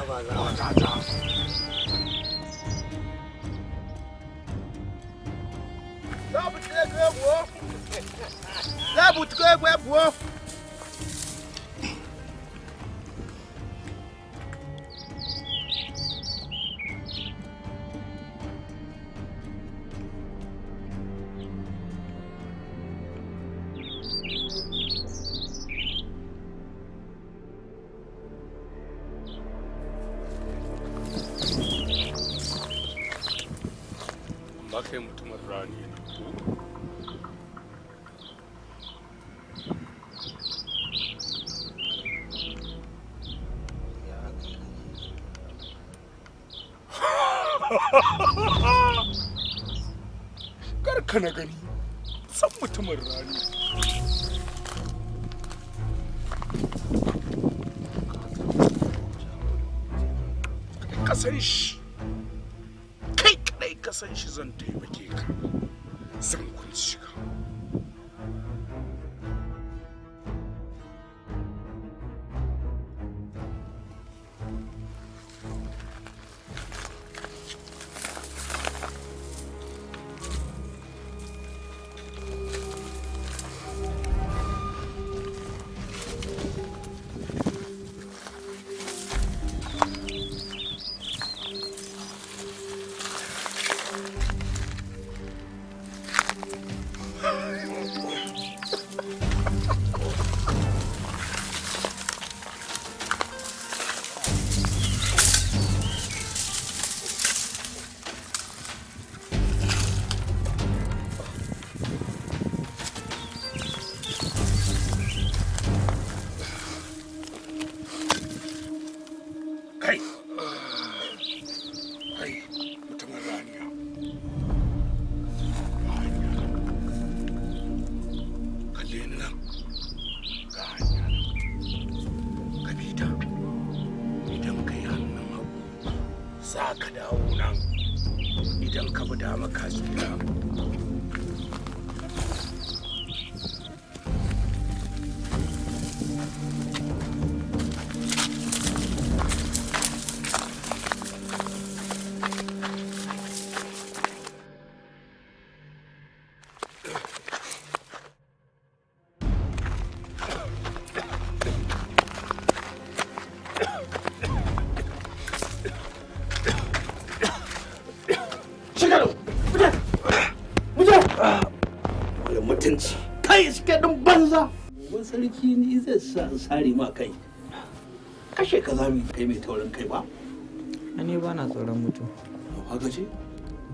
Apa Karka na gani, san mutumin rani. Kasan shi, kai kadai kasan shi zan taimaka. za ka dawo nan idan ka bi dama ka sa in sare ma kai kashe ka za mu kai mai taurin kai ba a ne ba na tsoron mutu haka ce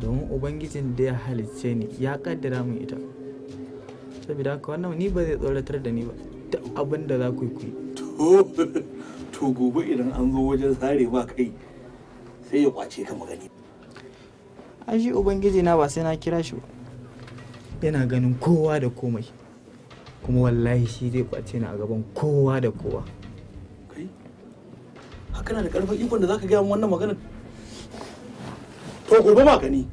domin ubangijin da ya halicce ni ya kaddara mu ita saboda haka wannan ni ba zai tsoratar da ni ba duk abin da za ku yi ku to gobe idan an zo wajen sare ma kai sai ya kwace ka magani an shi ubangiji na ba sai na kira shi ba yana ganin kowa da komai kuma wallahi shi zai kwace ni a gaban kowa da kowa kai da karfin ikon da zaka gaya min wannan magana to gobe ma gani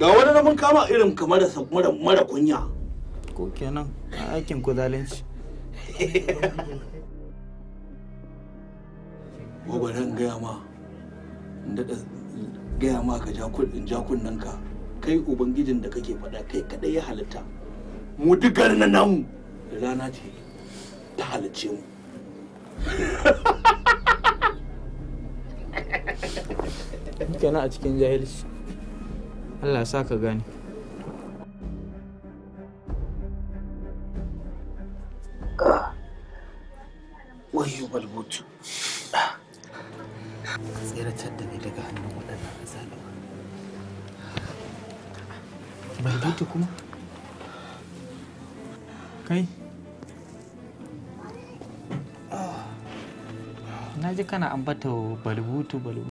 ga wani na mun kama irin kamar mara mara kunya ko kenan aikin ku zalunci gobarin gaya ma daɗa gaya ma ka jakun nan ka kai ubangijin da kake faɗa kai kaɗai ya halitta mu duk garin nan namu rana ce ta halice mu kana a cikin jahilci Allah sa ka gane kana ambato balbutu balbutu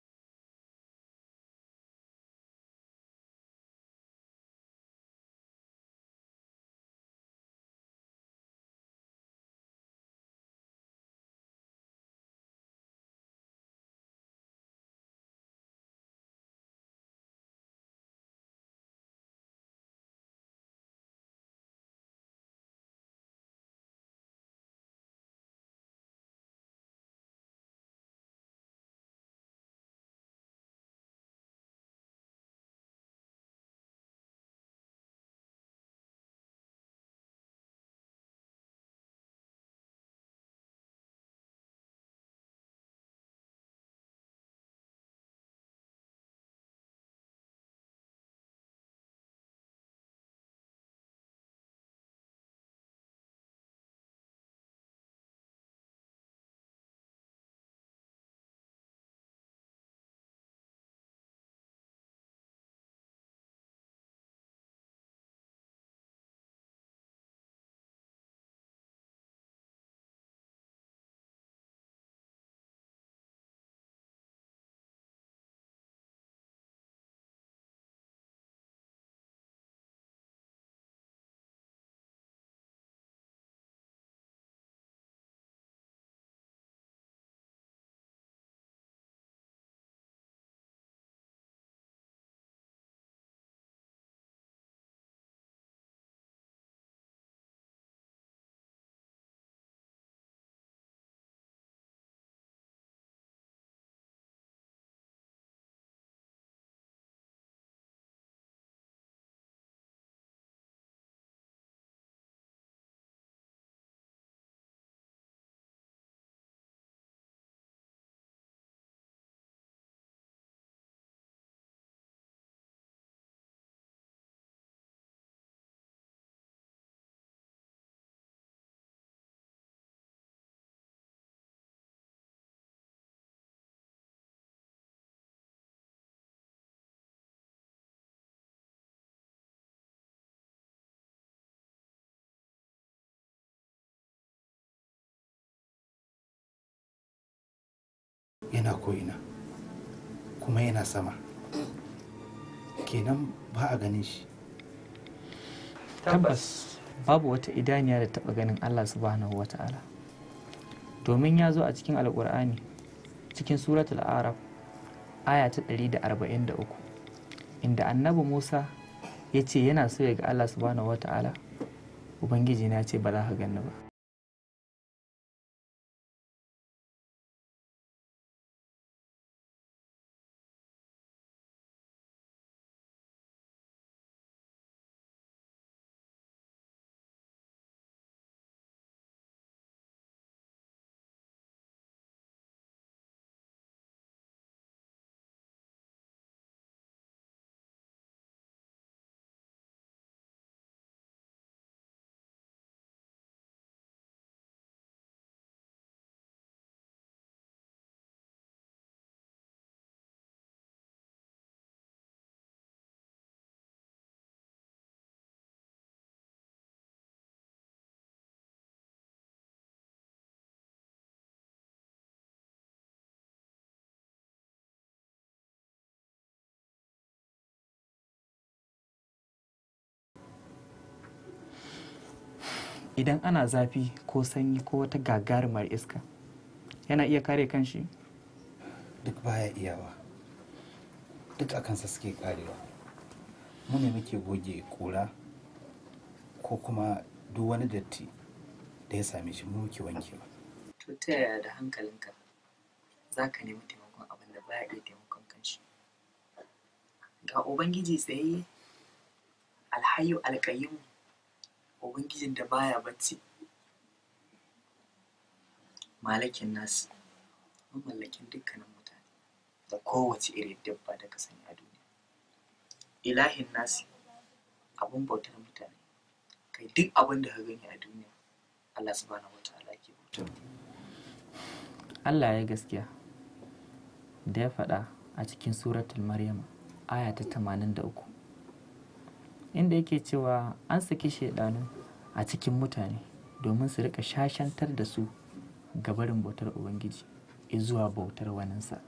yana ko'ina kuma yana sama kenan ba a ganin shi tabbas babu wata idaniya da taba ganin allah subhanahu wa ta'ala domin ya zo a cikin alkur'ani cikin suratul arab aya ta 143 inda annabi musa ya ce yana so ya ga allah subhanahu wa ta'ala ubangiji na ce ba za ka gani ba idan ana zafi ko sanyi ko wata gagarumar iska yana iya kare kanshi duk baya iyawa duk a kansa suke karewa mu ne muke goge kura ko kuma duk wani datti da ya same shi mu muke wankewa to ta yaya da hankalinka za ka nemi taimakon abin da baya iya taimakon kanshi ga ubangiji tsaye alhayu alkayimu ubangijin da baya bacci malakin nasi mamallakin dukkanin mutane da kowace irin dabba da ka sani a duniya ilahin nasi abun bautar mutane kai duk abin da ka gani a duniya Allah subhanahu wataala ke bautar Allah ya gaskiya da ya faɗa a cikin suratul maryam aya ta 83 inda yake cewa an saki shaidanu a cikin mutane domin su rika shashantar da su ga barin bautar ubangiji zuwa bautar waninsa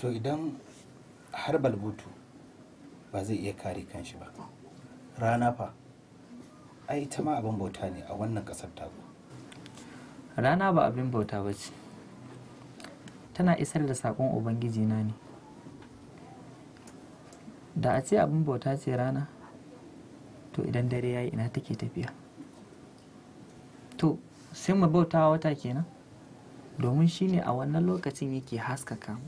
to idan har balbutu ba zai iya kare kanshi ba rana fa ai ita ma abin bauta ne a wannan ƙasar taku rana ba abin bauta ba ce tana isar da saƙon ubangiji na ne da a ce abin bauta ce rana to idan dare ya yi ina take tafiya to sai mu bauta wata kenan domin shine a wannan lokacin yake haskaka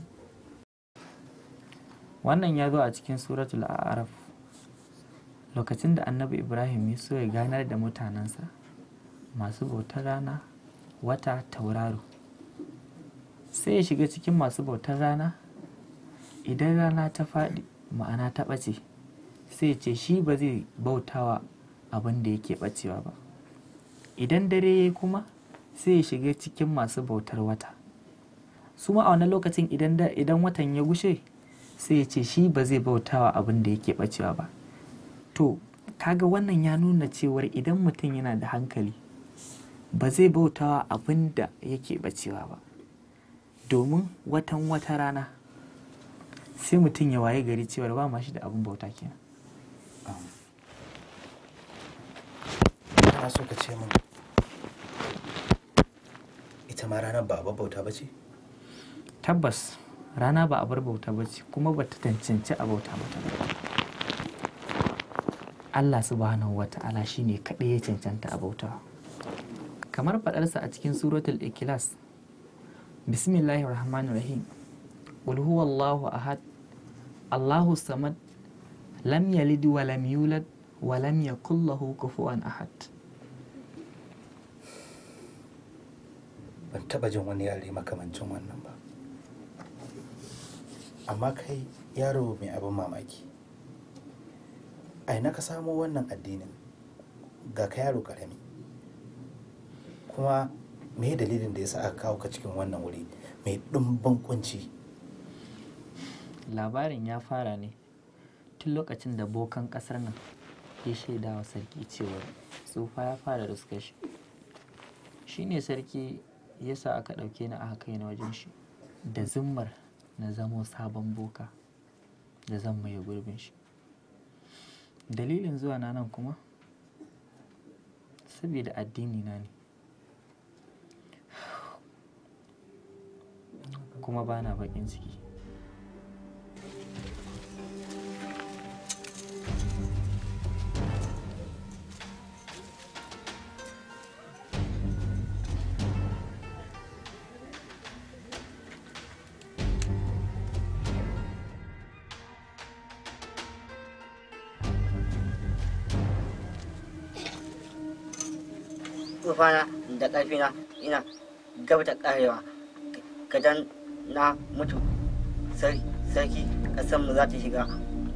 wannan ya zo a cikin suratul a'raf lokacin da annabi ibrahim ya so ya ganar da mutanensa masu bautar rana wata tauraro sai ya shiga cikin masu bautar rana idan rana ta faɗi ma'ana ta ɓace sai ce shi ba zai bautawa abin da yake ɓacewa ba idan dare ya kuma sai ya shiga cikin masu bautar wata su ma a wannan lokacin idan watan ya gushe sai ya ce shi ba zai bautawa abin da yake ɓacewa ba to kaga wannan ya nuna cewar idan mutum yana da hankali ba zai bautawa abin da yake ɓacewa ba domin watan wata rana sai mutum ya waye gari cewar ba ma shi da abin bauta kenan ana so ka ce min ita ma rana ba abar bauta ba ce tabbas rana ba abar bauta ba ce kuma ba ta tancanci a bauta ba Allah subhanahu wa ta'ala ne kaɗai ya cancanta a bauta kamar faɗarsa a cikin suratul ikilas bismillahir rahmanir rahim qul huwallahu ahad Allahu samad lam yalid wa lam yulad wa lam yakul lahu kufuwan ahad ban taba jin wani yare makamancin wannan ba amma kai yaro mai abin mamaki aina ka samo wannan addinin ga ka yaro karami kuma me dalilin da ya sa aka kawo ka cikin wannan wuri mai ɗumbin kunci labarin ya fara ne tun lokacin da bokan ƙasar nan ya shaida wa sarki cewa tsufa ya fara da shi shi ne sarki ya sa aka ɗauke ni aka kai na wajen shi da zimmar na zamo sabon boka da zan maye gurbin shi dalilin zuwa na nan kuma saboda addini na ne kuma ba na bakin ciki ƙarfina ina gabata karewa ƙarewa kadan na mutu sarki ƙasarmu za ta shiga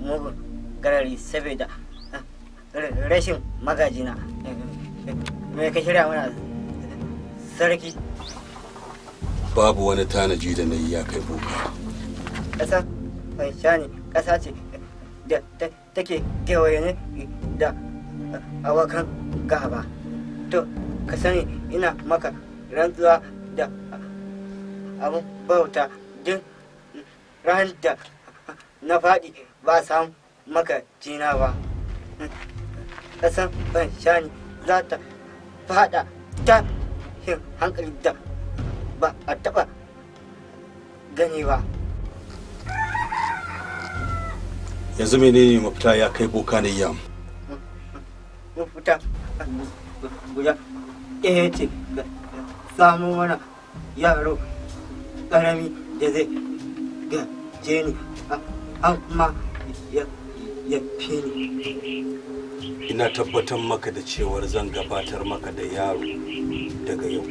mugun garari saboda ah, rashin magajina mai ka shirya mana sarki babu wani tanaji da na yi ya kai boka ƙasa mai shani ƙasa ce da take kewaye ne da ah, awakan gaba ka sani ina maka rantsuwa da abin bauta din ran da na faɗi ba samu maka jina ba san ban shani za ta faɗa ta hin hankali da ba a taɓa gani ba yanzu ne mafita ya kai boka ne yam mafita guda ɗaya ce mana yaro ƙarami da zai gaje ni amma ya fi ni ina tabbatar maka da cewar zan gabatar maka da yaro daga yau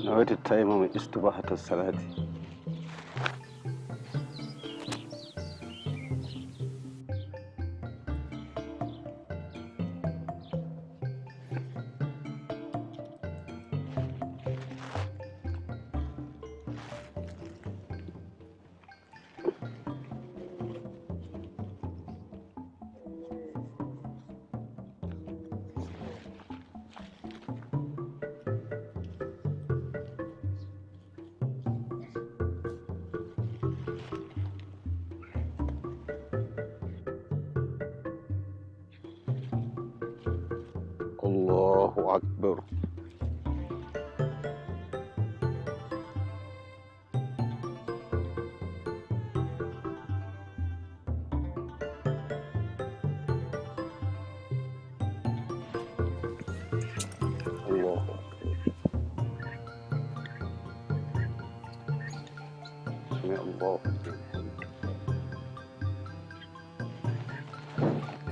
نويت التايمة من استباحة الصلاة الله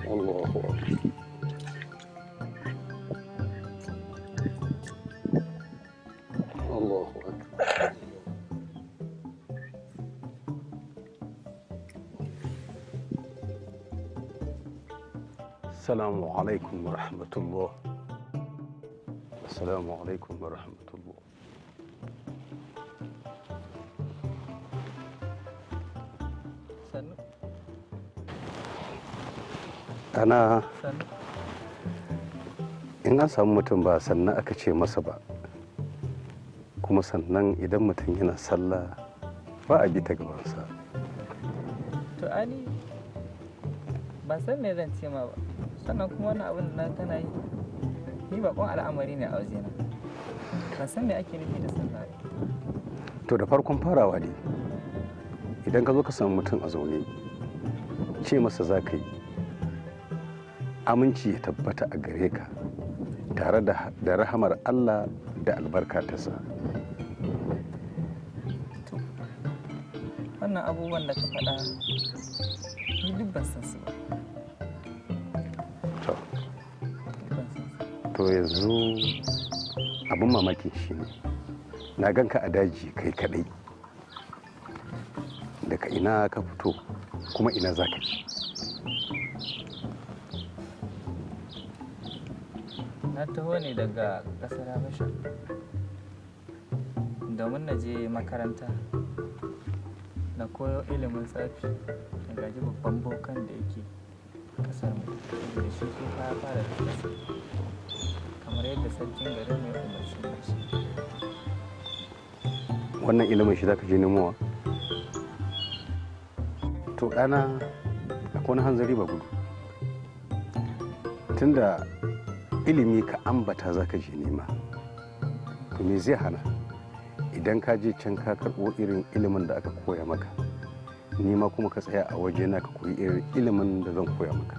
الله أكبر الله أكبر السلام عليكم ورحمة الله السلام عليكم ورحمة الله ana in an samu mutum ba sannan aka ce masa ba kuma sannan idan mutum yana sallah ba a bi ta gabansa to ali ba san me zan ce ma ba sannan kuma wani abin da tana yi ni kun al'amari ne a wajena ba san me ake nufi da sallah to da farkon farawa ne idan ka zo ka samu mutum a zaune ce masa za ka yi aminci ya tabbata a gare ka tare da rahamar allah da albarka sa. wannan abubuwan da ka faɗa ni duk ban ba to yanzu abin mamakin shi ne na ganka a daji kai kadai daga ina ka fito kuma ina za ka ci na taho ne daga ƙasar habasha domin na je makaranta na koyo ilimin tsafi na gaji babban bokan da yake kasar mu da shi ke fara fara da ƙasa kamar yadda sarkin garin mai umarci shi wannan ilimin shi zaka je nemowa to ɗana akwai wani hanzari ba gudu tunda ilimi ka ambata zaka je nema to me zai hana idan ka je can ka karɓo irin ilimin da aka koya maka ma kuma ka tsaya a waje na ka koyi irin ilimin da zan koya maka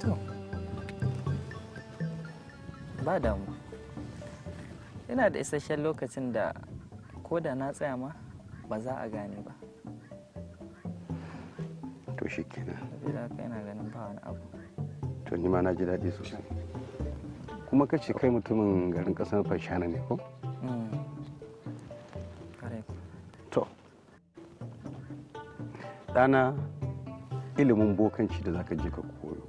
to ba damu yana da isasshen lokacin da ko da na tsaya ma ba za a gane ba to shi kenan. yana ganin ba wani abu. to ni ma na ji daɗi sosai kuma ka ce kai mutumin garin ƙasar fashana ne ko hmm. to ɗana ilimin bokanci da zaka je ka koyo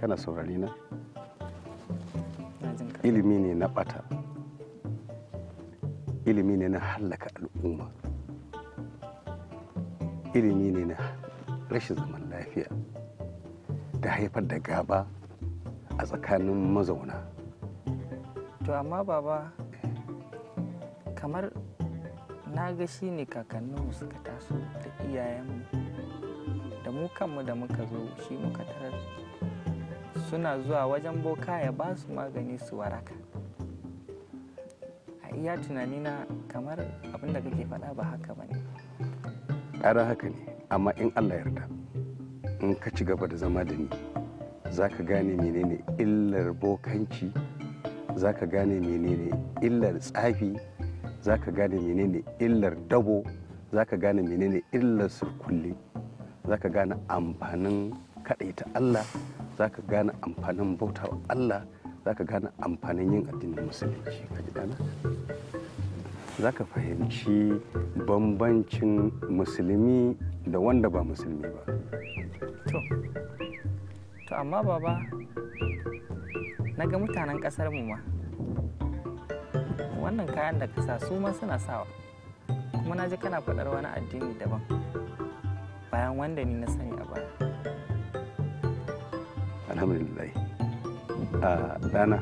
kana saurari na ilimi ne na ɓata ilimi ne na hallaka al'umma ilimi ne na rashin zaman lafiya ta haifar da gaba a tsakanin mazauna to amma baba kamar na ga shi ne kakanninmu suka taso da iyayenmu da mu kanmu da muka zo shi muka tarar suna zuwa wajen boka ya ba su magani su waraka a iya tunanina kamar abinda kake faɗa ba haka ba ne ƙarar haka ne amma in allah yarda in ka ci gaba da zama da ni za ka gane menene illar bokanci za ka gane menene illar tsafi za ka gane menene illar dabo za ka gane menene illar surkulle za ka gane amfanin kaɗaita allah za ka gane amfanin bauta wa allah za ka gane amfanin yin addinin musulunci ka ji dana za ka fahimci bambancin musulmi da wanda ba musulmi ba to amma baba na ga mutanen kasar mu ma wannan kayan da kasa su ma suna sawa kuma na ji kana faɗar wani addini daban bayan wanda ni na sani a baya alhamdulillah a dana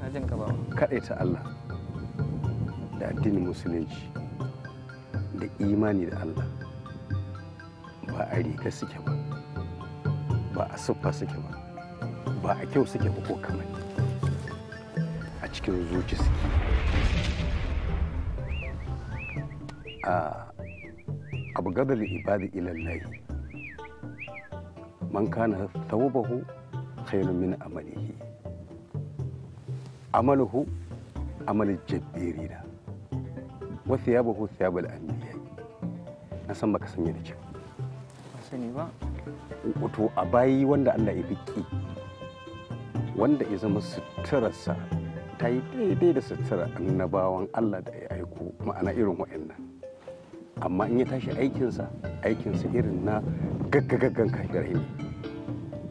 na jin ka ba kaɗai Allah da addinin musulunci da imani da Allah ba a rika suke ba ba a suffa suke ba ba a kyau suke ba ko kamar a cikin zuci suke a abu gadar ibadi ilallahi man kana taubahu khairun min amalihi amaluhu amal jabbirina وثيابه ثياب الأنبياء na san baka sanya da kyau ba sani ba wato a bayi wanda Allah ya biki wanda ya zama suturarsa ta yi daidai da sutura annabawan Allah da ya aiko ma'ana irin wa'annan amma in ya tashi aikinsa aikinsa irin na gaggagaggan kafirai ne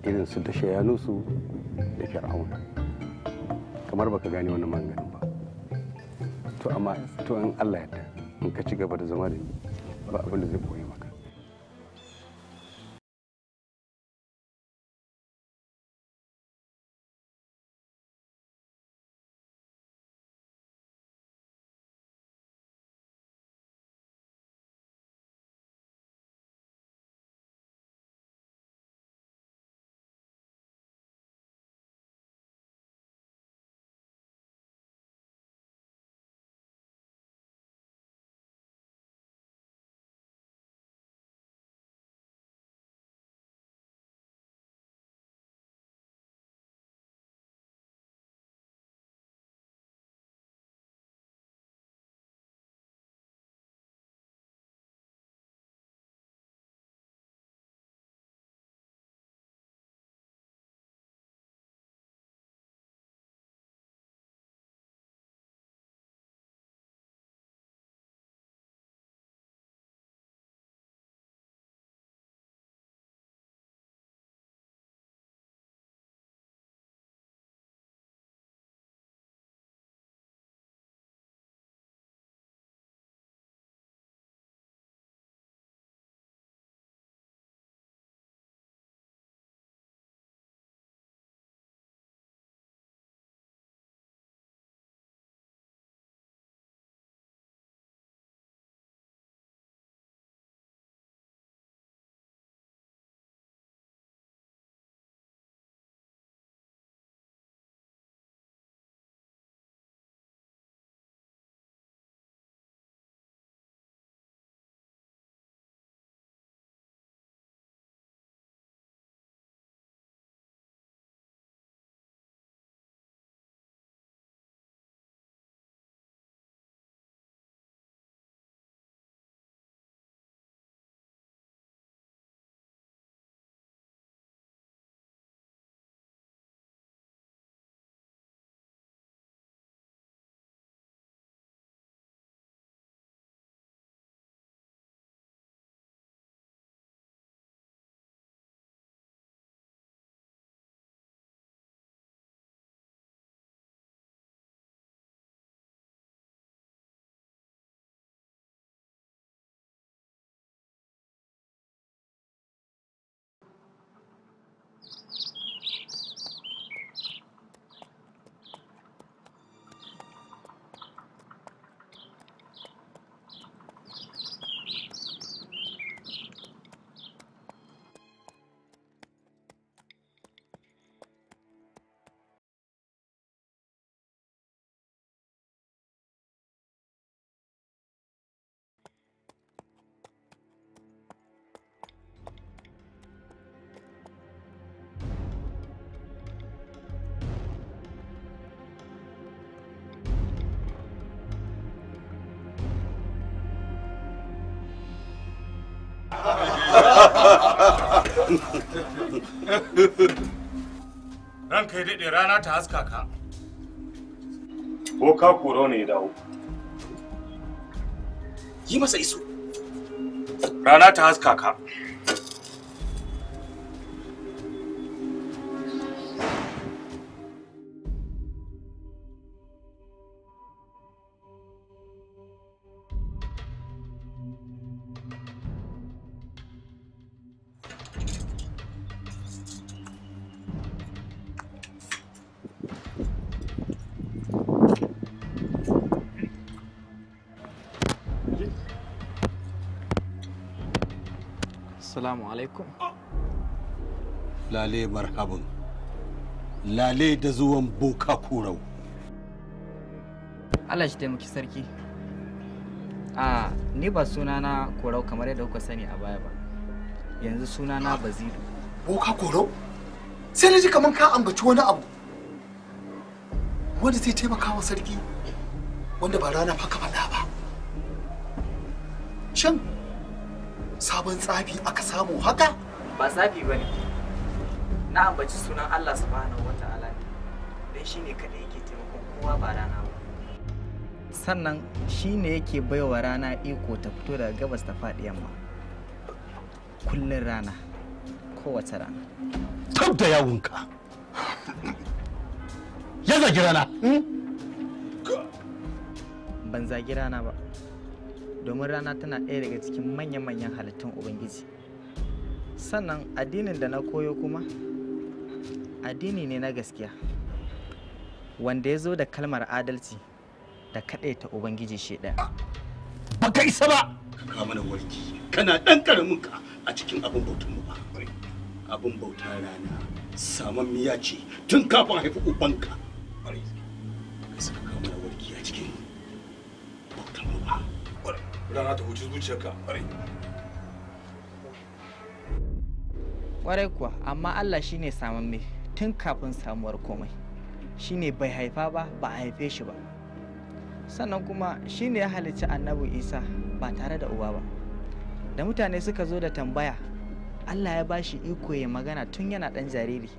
irin su da shayanusu da fir'auna kamar baka gane wani maganin ba to amma to in Allah ya in ka ci gaba da zama da ni Bak boleh sebut. Ranka ya daɗe rana ta haska ka. Ko ka koro ne ya dawo. Yi masa iso. Rana ta haska ka. Assalamu alaikum. Lale marhaban. Lale da zuwan boka kurau. Allah shi taimaki sarki. A ni ba sunana korau kamar yadda kuka sani a baya ba. Yanzu sunana Baziru. Boka korau? Sai na ji kamar ka ambaci wani abu. Wanda zai taimaka wa sarki wanda ba rana fa ka faɗa sabon tsafi aka samu haka ba tsafi bane na ambaci sunan Allah subhanahu wata'ala ne dan shine kada yake taimakon kowa ba rana ba sannan shine yake baiwa rana iko ta fito daga gabas ta faɗi yamma kullun rana kowace rana tab da yawunka ya zagi rana hmm? ban zagi rana ba domin rana tana ɗaya daga cikin manya-manyan halittun ubangiji sannan addinin da na koyo kuma addini ne na gaskiya wanda ya zo da kalmar adalci da kaɗai ta ubangiji shi ɗaya baka isa ba ka mana warki kana ɗan ƙaramin ka a cikin abin bautan mu ba abin bauta rana saman miyaci ce tun kafin haifi ubanka rana ta huci zuciyarka ƙwarai kware kuwa amma Allah shine samamme tun kafin samuwar komai shine bai haifa ba ba a haife shi ba sannan kuma shi ne ya halicci annabi isa ba tare da uba ba da mutane suka zo da tambaya Allah ya bashi iko ya magana tun yana ɗan jariri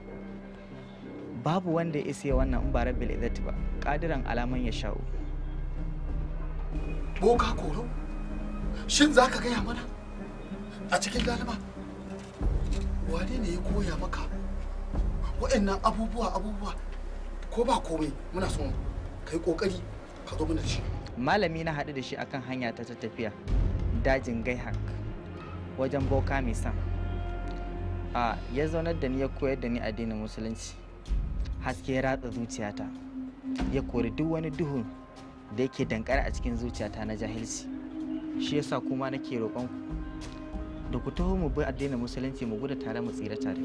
babu wanda ya isa wannan ba rabbil ba ƙadiran alaman ya sha'u boka koro shin za ka gaya mana a cikin lalima wane ne ya koya maka wa'annan abubuwa abubuwa ko ba komai muna son ka yi kokari ka zo mana da shi malami na haɗu da shi akan hanya ta tafiya dajin gaihak wajen boka mai san a ya zaunar da ni ya koyar da ni addinin musulunci haske ya ratsa zuciyata ya kori duk wani duhun da yake dankara a cikin zuciyata na jahilci shi yasa kuma nake roƙon ku da ku taho mu bi addinin musulunci mu gudu tare mu tsira tare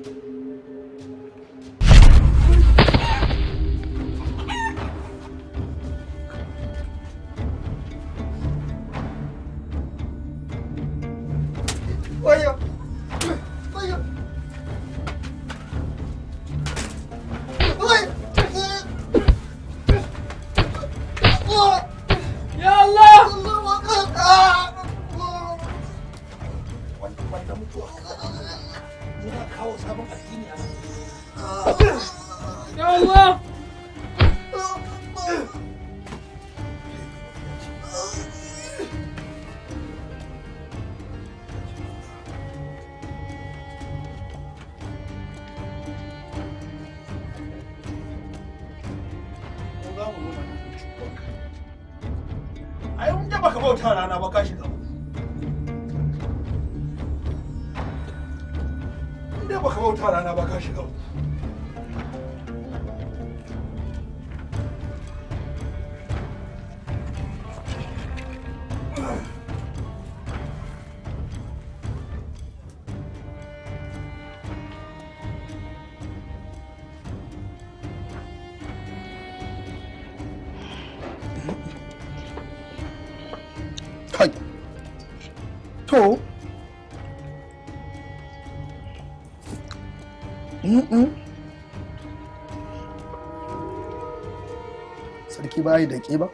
bayi da ba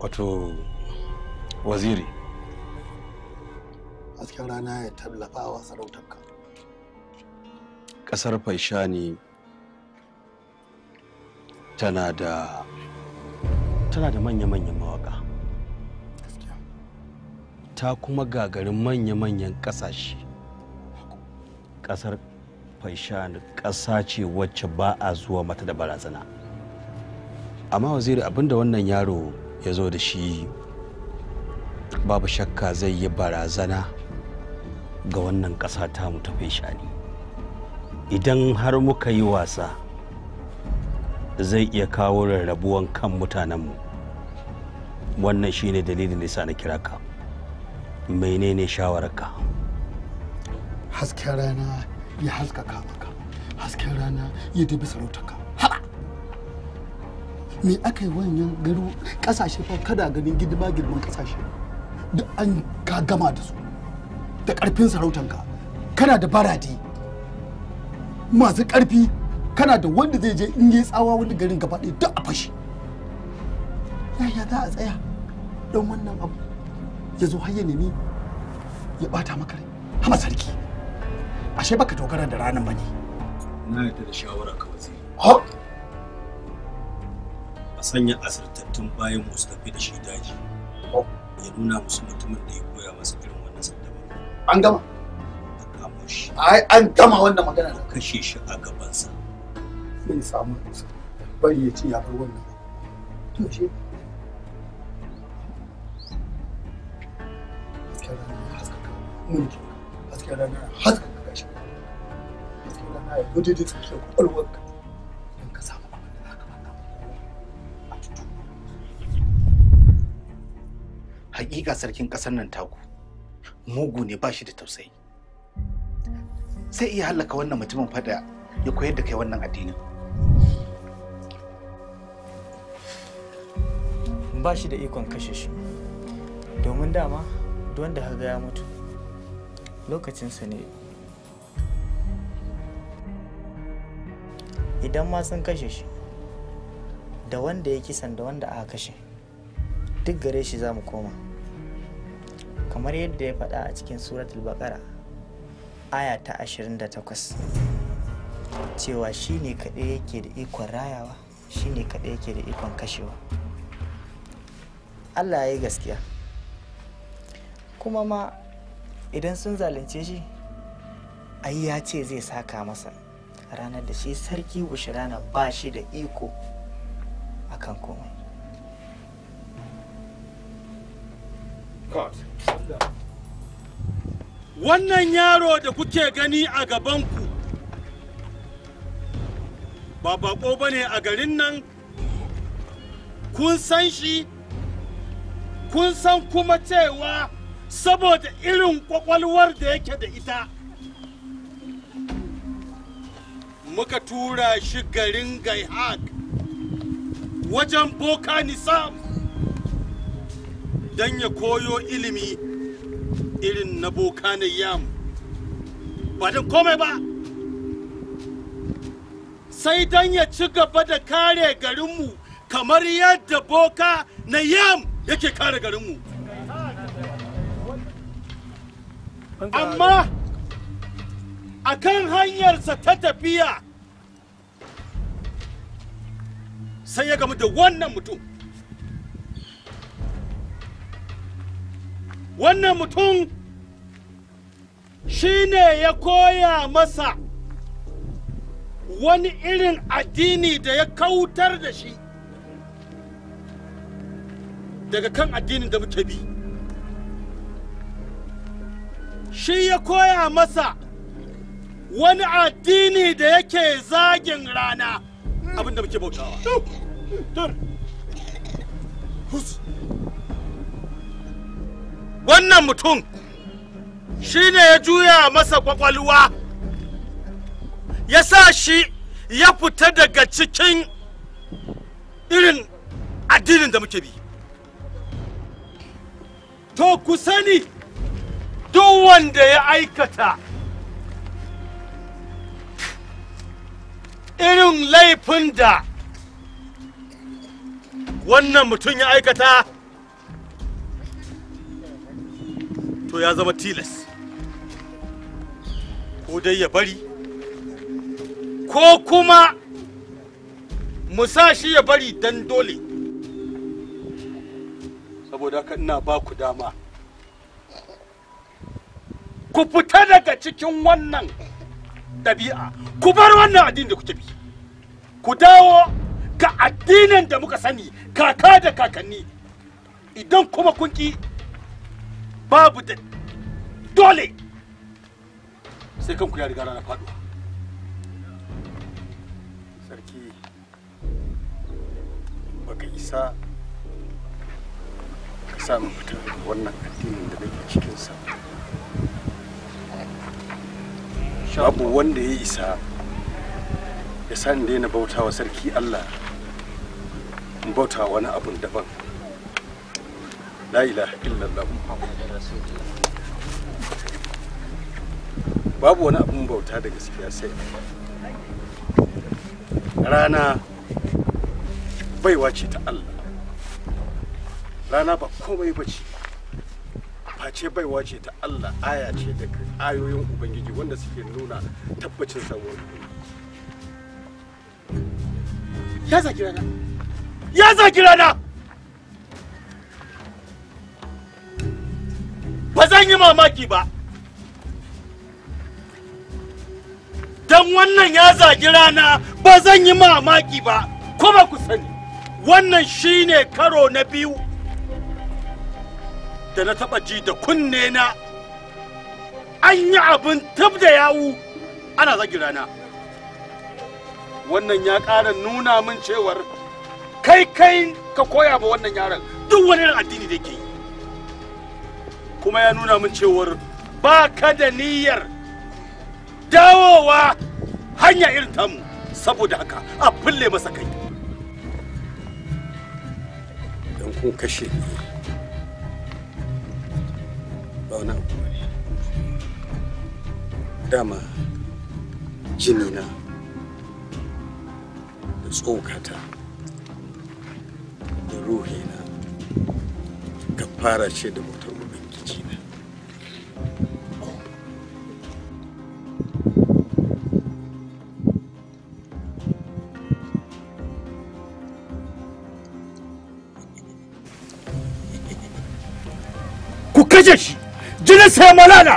wato waziri hasken rana ya tallafa wa sarautarka ƙasar faishani tana da tana da manya ma ta kuma gagarin manya-manyan kasashe kasar faishan ƙasa ce wacce ba a zuwa mata da barazana amma waziri abinda wannan yaro ya zo da shi babu shakka zai yi barazana ga wannan ƙasa ta ta faishani idan har muka yi wasa zai iya kawo rarrabuwan kan mutanenmu wannan shine dalilin da na kira ka menene shawararka hasken rana ya haskaka maka hasken rana ya dabi sarautaka haɗa me aka yi wannan garo ƙasashe fa kada ganin girma girman ƙasashe da an ka gama da su da ƙarfin sarautanka kana da baradi masu ƙarfi kana da wanda zai je in yi tsawa wani garin gaba ɗaya duk a fashi yaya za a tsaya don wannan abu ya zo har ya nemi ya bata maka rai hama sarki ashe baka dogara da ranar bane na yarda da shawara ka wazi ha a sanya asirtattun bayan musu da shi daji ya nuna musu mutumin da ya koya masa irin wannan saddaba an gama ai an gama wannan magana da kashe shi a gabansa zai samu bari ya ci bar wannan to mulki hasken rana na haska ka gashi hasken rana ya zo daidai tsakiyar kwakwalwarka don ka samu abin da za ka faɗa a tutu hakika sarkin ƙasar nan taku mugu ne ba shi da tausayi sai iya hallaka wannan mutumin fada ya koyar da kai wannan addinin ba shi da ikon kashe shi domin dama wanda ka ya mutu lokacinsu ne idan ma sun kashe shi da wanda ya kisan da wanda aka kashe duk gare shi za mu koma kamar yadda ya faɗa a cikin suratul baqara aya ta 28 cewa shi ne kaɗai yake da ikon rayawa shi ne kaɗai yake da ikon kashewa allah ya yi gaskiya kuma ma idan sun zalunce shi ai ya ce zai saka masa ranar da shi sarki bushirana ba shi da iko akan komai wannan yaro da kuke gani a gabanku ba bako ba ne a garin nan kun san shi kun san kuma cewa saboda irin kwakwalwar da yake da ita muka tura shi garin gaihak wajen boka nisam don ya koyo ilimi irin na boka na yam ba don komai ba sai don ya ci gaba da kare garinmu kamar yadda boka na yam yake kare garinmu amma a kan hanyarsa ta tafiya sai ya gamu da wannan mutum wannan mutum shine ya koya masa wani irin addini da ya kautar da shi daga kan addinin da muke bi. shi ya koya masa wani addini da yake zagin rana abinda muke bautawa wannan mutum shi ne ya juya masa kwakwalwa ya sa shi ya fita daga cikin irin addinin da muke bi to ku sani duk wanda ya aikata irin laifin da wannan mutum ya aikata to ya zama tilas ko dai ya bari ko kuma mu sa shi ya bari don dole saboda haka ina ba ku dama ku fita daga cikin wannan dabi'a ku bar wannan addini da kuke bi ku dawo ga addinin da muka sani kaka da kakanni idan kuma kun ki babu da dole sai kanku ya riga rana faduwa sarki baka isa ka samu fita wannan addinin da nake sa. babu wanda ya isa ya san daina bauta wa sarki Allah in bauta wani abun daban la ilaha illallah babu wani abun bauta da gaskiya sai rana baiwa ce ta Allah rana ba komai ba ce face baiwa ce ta Allah aya ce da ayoyin Ubangiji wanda suke nuna tabbacin samuwar Ya zaki rana! Ya zaki rana! Ba zan yi mamaki ba! Don wannan ya zaki rana ba zan yi mamaki ba, kuma ku sani, wannan shine karo na biyu da na taɓa ji da kunne na an yi abin tab da yawu ana zagi rana wannan ya ƙara nuna min cewar kai kai ka koya ma wannan yaron duk wani addini da ke yi kuma ya nuna min cewar ba ka da niyyar dawowa hanya irin tamu saboda haka a fulle masa kai don kun kashe ni ba wani dama jini na da tsokata da ruhi na ka fara ce da bautar ubangiji na ku kaje. shi 真的什没了呢？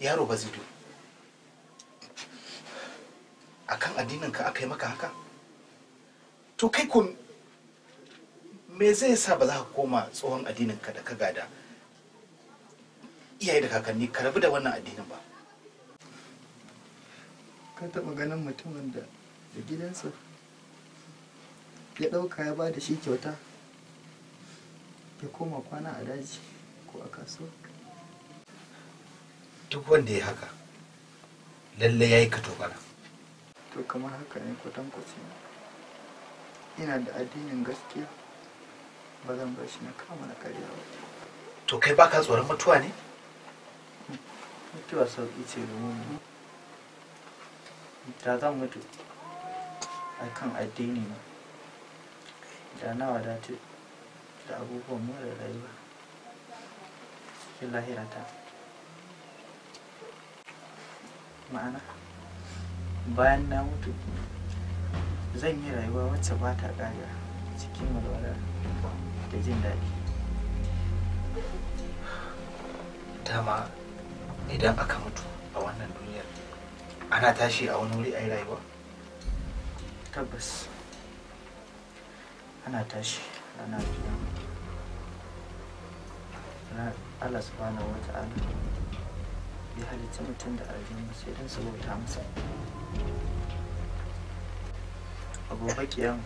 yaro ba zito a kan addinin ka aka yi maka haka to kai kun me zai sa ba za ka koma tsohon addinin ka da ka gada iyaye da kakanni ka rabu da wannan addinin ba ka taɓa ganin mutumin da da gidansa ya ɗauka ya ba da shi kyauta ya koma kwana a daji ko a kasuwa duk wanda ya haka lalle ya yi ka to kamar haka ne kwatan kwaci ina da addinin gaskiya ba zan bar shi na kama na karya ba to kai baka tsoron mutuwa ne mutuwa sau ce domin mu da zan mutu a kan addini na da na wadatu da abubuwan mara rayuwa cikin lahirata ma'ana bayan na mutu zan yi rayuwa wacce ba ta ƙarya cikin walwala da jin daɗi dama idan aka mutu a wannan duniyar ana tashi a wani wuri a yi rayuwa tabbas ana tashi ana biya Allah subhanahu wa ta'ala bai halitta mutum da aljanu sai don su bauta masa a gobe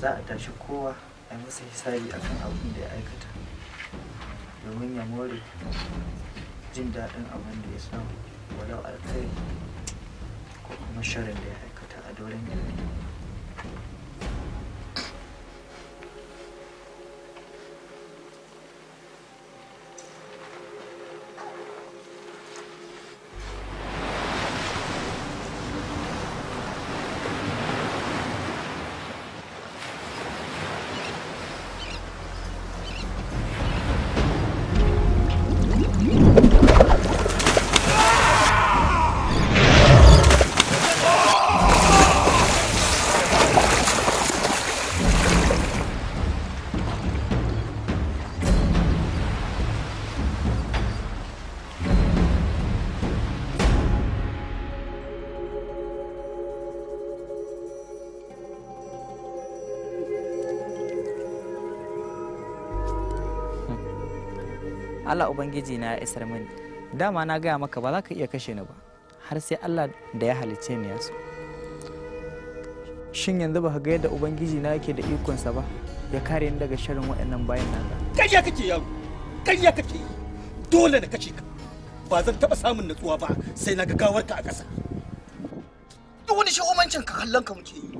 za a tashi kowa a masa hisabi akan abin da ya aikata domin ya more jin daɗin abin da ya samu walau alkhairi ko kuma sharin da ya aikata a doron duniya Allah ubangiji na ya isar mini dama na gaya maka ba za ka iya kashe ni ba har sai Allah da ya halicce ni ya so shin yanzu ba ka ga yadda ubangiji na yake da ikonsa ba ya kare ni daga shirin waɗannan bayan nan ba ya kake yaro ya kake yi dole na kace ka ba zan taba samun natsuwa ba sai na ga gawarka a ƙasa duk wani shi'umancin ka kallon ka muke yi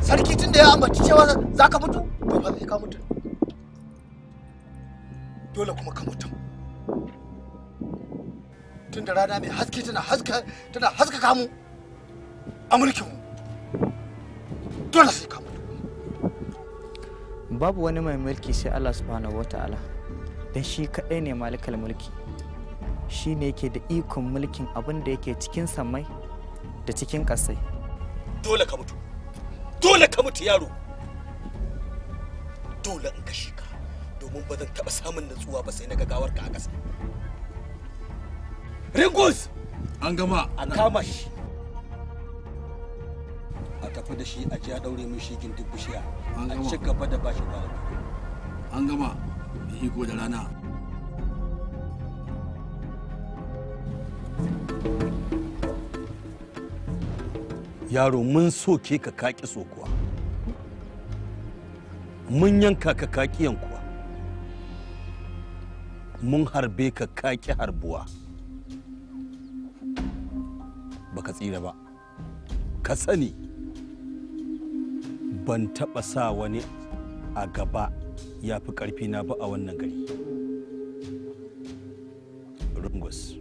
sarki tun da ya ambaci cewa za ka mutu ba zai ka mutu dole kuma ka mutum tun da rana mai haske tana haska tana haska kamu a mulkin mu dole sai ka mutum babu wani mai mulki sai Allah subhanahu wata'ala dan shi kadai ne malikal mulki shi ne yake da ikon mulkin abin da yake cikin samai da cikin kasai dole ka mutu dole ka mutu yaro dole in kashe ka domin ba zan taɓa samun natsuwa ba sai na gagawar ka a ƙasa. Ringus! An gama. A kama shi. A tafi da shi a ji a ɗaure min shi gindin bishiya. An gama. A ci gaba da bashi ba. An gama. iko da rana. Yaro mun soke ka kaki so kuwa. Mun yanka ka kaki yanku. mun harbe ka kaki harbuwa baka tsira ba ka sani ban taɓa sa wani a gaba ya fi ƙarfi na ba a wannan gari rungus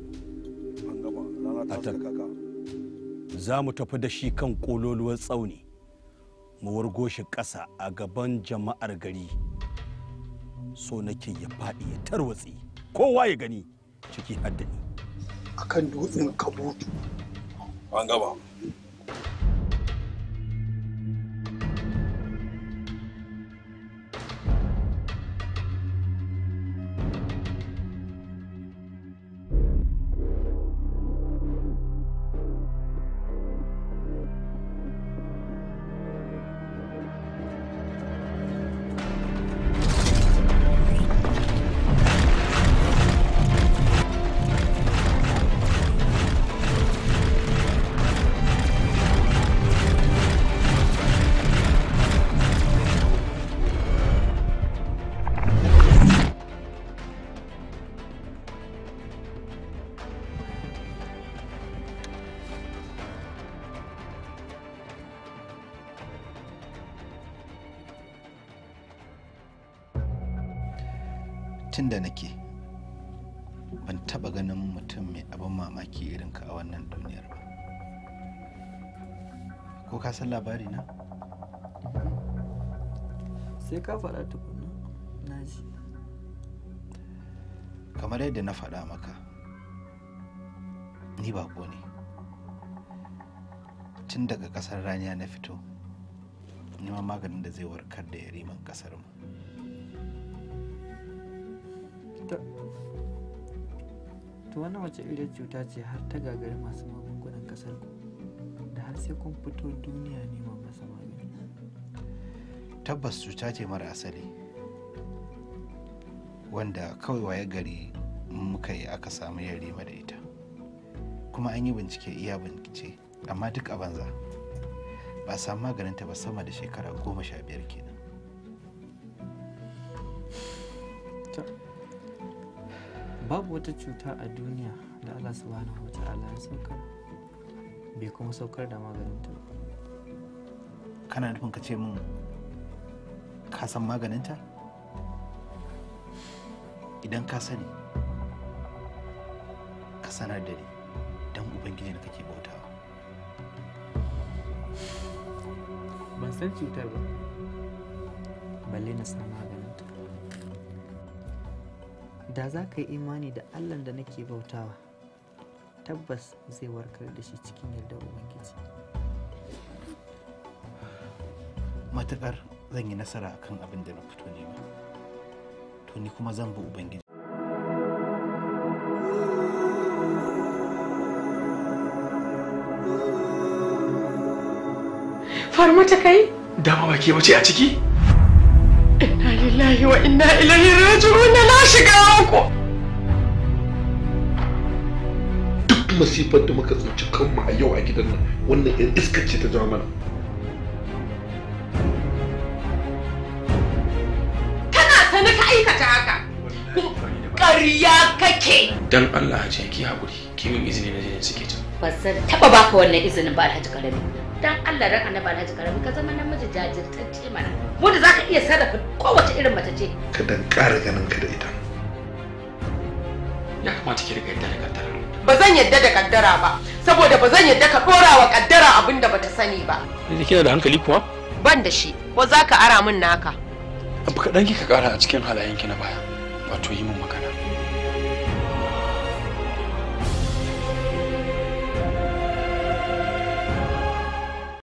za mu tafi da shi kan ƙololuwar tsauni mu wargo shi ƙasa a gaban jama'ar gari so nake ya faɗi ya tarwatsi kowa ya gani ciki haddani kan dutsen kabutu an gaba da nake ban taba ganin mutum mai abin mamaki irin ka a wannan duniyar ba ko ka san labari na sai ka faɗa tukuna na ji kamar yadda na faɗa maka ni bako ne tun daga ƙasar raniya na fito neman maganin da zai warkar da yariman ƙasarmu to wani wace irin cuta ce har ta gagari masu magungunan kasar ku da har sai kun fito duniya neman masa magani tabbas cuta ce mara asali wanda kawai waye gari muka yi aka samu yarima da ita kuma an yi bincike iya bincike amma duk a banza ba a samu maganinta ba sama da shekara goma sha biyar kenan babu wata cuta a duniya da allah subhanahu wa ta'ala ya saukar bai kuma saukar da maganinta ta kana nufin ka ce min ka san maganinta idan ka sani ka sanar da ni don ubangiji da kake bautawa ban san cutar ba balle na san da za ka yi imani da allah da nake bautawa tabbas zai warkar da shi cikin yardar ubangiji matuƙar zan yi nasara kan abin da na fito nema to ni kuma zan bi ubangiji farmata kai dama ba ke wace a ciki lillahi wa inna ilaihi raji'un na shiga ku duk masifar da muka tsinci kanmu a yau a gidan nan wannan yan iskar ce ta jawo mana kana sani ka aikata haka ƙarya kake dan Allah ce ki haƙuri ki min izini na jinin suke can ba zan taɓa baka wannan izinin ba Alhaji Karami dan Allah ran annabi Alhaji Karami ka zama namiji jajirtacce mana wanda zaka iya sarrafa irin mace ce ka dan ƙara ganin ka da ita ya kamata ki riga yadda da kaddara ba zan yadda da kaddara ba saboda ba zan yadda ka dora wa kaddara abin da bata sani ba ni kina da hankali kuwa ban da shi ko zaka ara min naka abu kaɗan kika ƙara a cikin halayenki na baya wato yi min magana